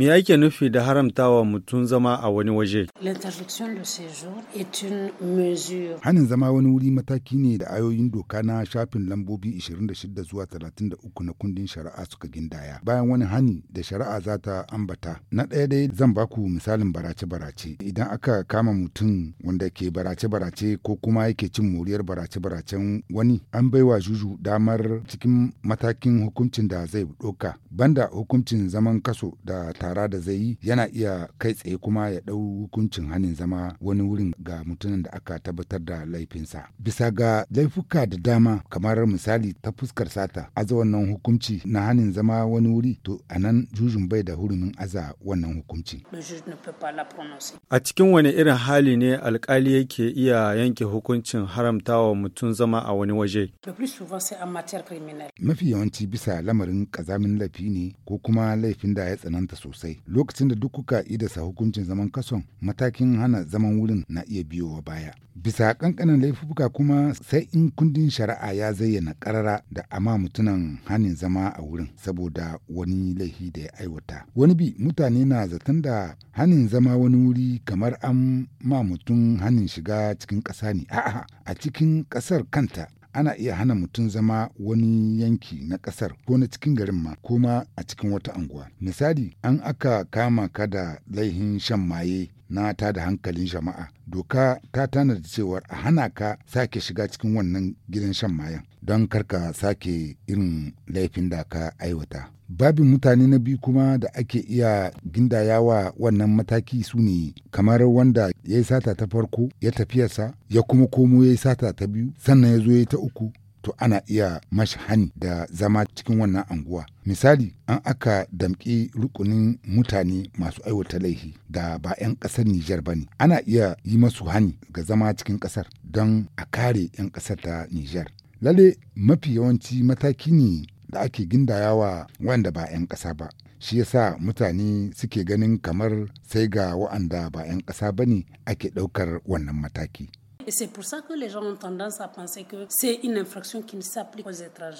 Me yake nufi da haramtawa mutum zama a wani waje? Hanin zama wani wuri mataki ne da ayoyin doka na shafin lambobi 26 zuwa 33 na kundin shari'a suka gindaya. Bayan wani hani da shari'a za ta ambata. Na ɗaya dai zan baku misalin barace-barace. Idan aka kama mutum wanda ke barace-barace ko kuma yake cin moriyar barace-baracen wani, an baiwa juju damar cikin matakin hukuncin da zai ɗauka. Banda hukuncin zaman kaso da ta shara da zai yi yana iya kai tsaye kuma ya ɗau hukuncin hanin zama wani wurin ga mutumin da aka tabbatar da laifinsa. Bisa ga laifuka da dama kamar misali ta fuskar sata aza wannan hukunci na hanin zama wani wuri to a nan jujun bai da hurumin aza wannan hukunci. A cikin wani irin hali ne alkali yake iya yanke hukuncin haramtawa mutum zama a wani waje? Mafi yawanci bisa lamarin kazamin laifi ne ko kuma laifin da ya tsananta sosai. sosai lokacin da duk kuka idasa hukuncin zaman kason matakin hana zaman wurin na iya biyowa baya bisa kankanin laifuka kuma sai in kundin shari'a ya zayyana karara da ama mutunan hanin zama a wurin saboda wani laifi da ya aiwata wani bi mutane na zaton da hanin zama wani wuri kamar an ma mutum hanin shiga cikin ƙasa ne a'a a cikin ƙasar kanta ana iya hana mutum zama wani yanki na ƙasar ko na cikin garin ma ko ma a cikin wata anguwa. Misali, an aka kama ka da laihin shan maye na ta da hankalin jama'a doka ta tana da cewar a hana ka sake shiga cikin wannan gidan shan mayan don karka sake irin laifin da ka aiwata babin mutane na biyu kuma da ake iya gindayawa wannan mataki su ne kamar wanda ya yi sata ta farko ya tafiyarsa ya kuma komo ya yi sata ta biyu sannan ya zo ya ta uku to ana iya mashi hani da zama cikin wannan anguwa misali an aka damƙi rukunin mutane masu aiwata laihi da ba 'yan ƙasar nijar ba ne ana iya yi masu hani ga zama cikin ƙasar don a kare 'yan ƙasar ta nijar lalle mafi yawanci mataki ne da ake wa wanda ba 'yan ƙasa ba shi yasa mutane suke ganin kamar sai ga wa'anda ba 'yan ƙasa ba ne ake ɗaukar wannan mataki. Et c'est pour ça que les gens ont tendance à penser que c'est une infraction qui ne s'applique aux étrangers.